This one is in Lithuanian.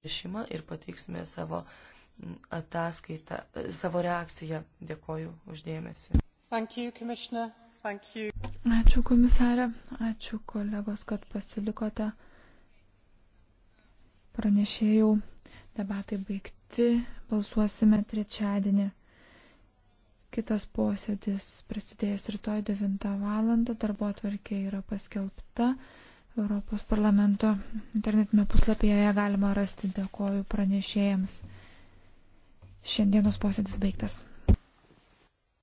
pranešimą ir pateiksime savo mm, ataskaitą, savo reakciją. Dėkoju uždėmesi. Thank you, Commissioner. Thank you. Ačiū komisarė, ačiū kolegos, kad pasilikote. Pranešėjau, debatai baigti, balsuosime trečiadienį. Kitas posėdis prasidėjęs rytoj 9 val. darbo atvarkė yra paskelbta. Europos parlamento internetinėme puslapyje ją galima rasti. Dėkoju pranešėjams. Šiandienos posėdis baigtas.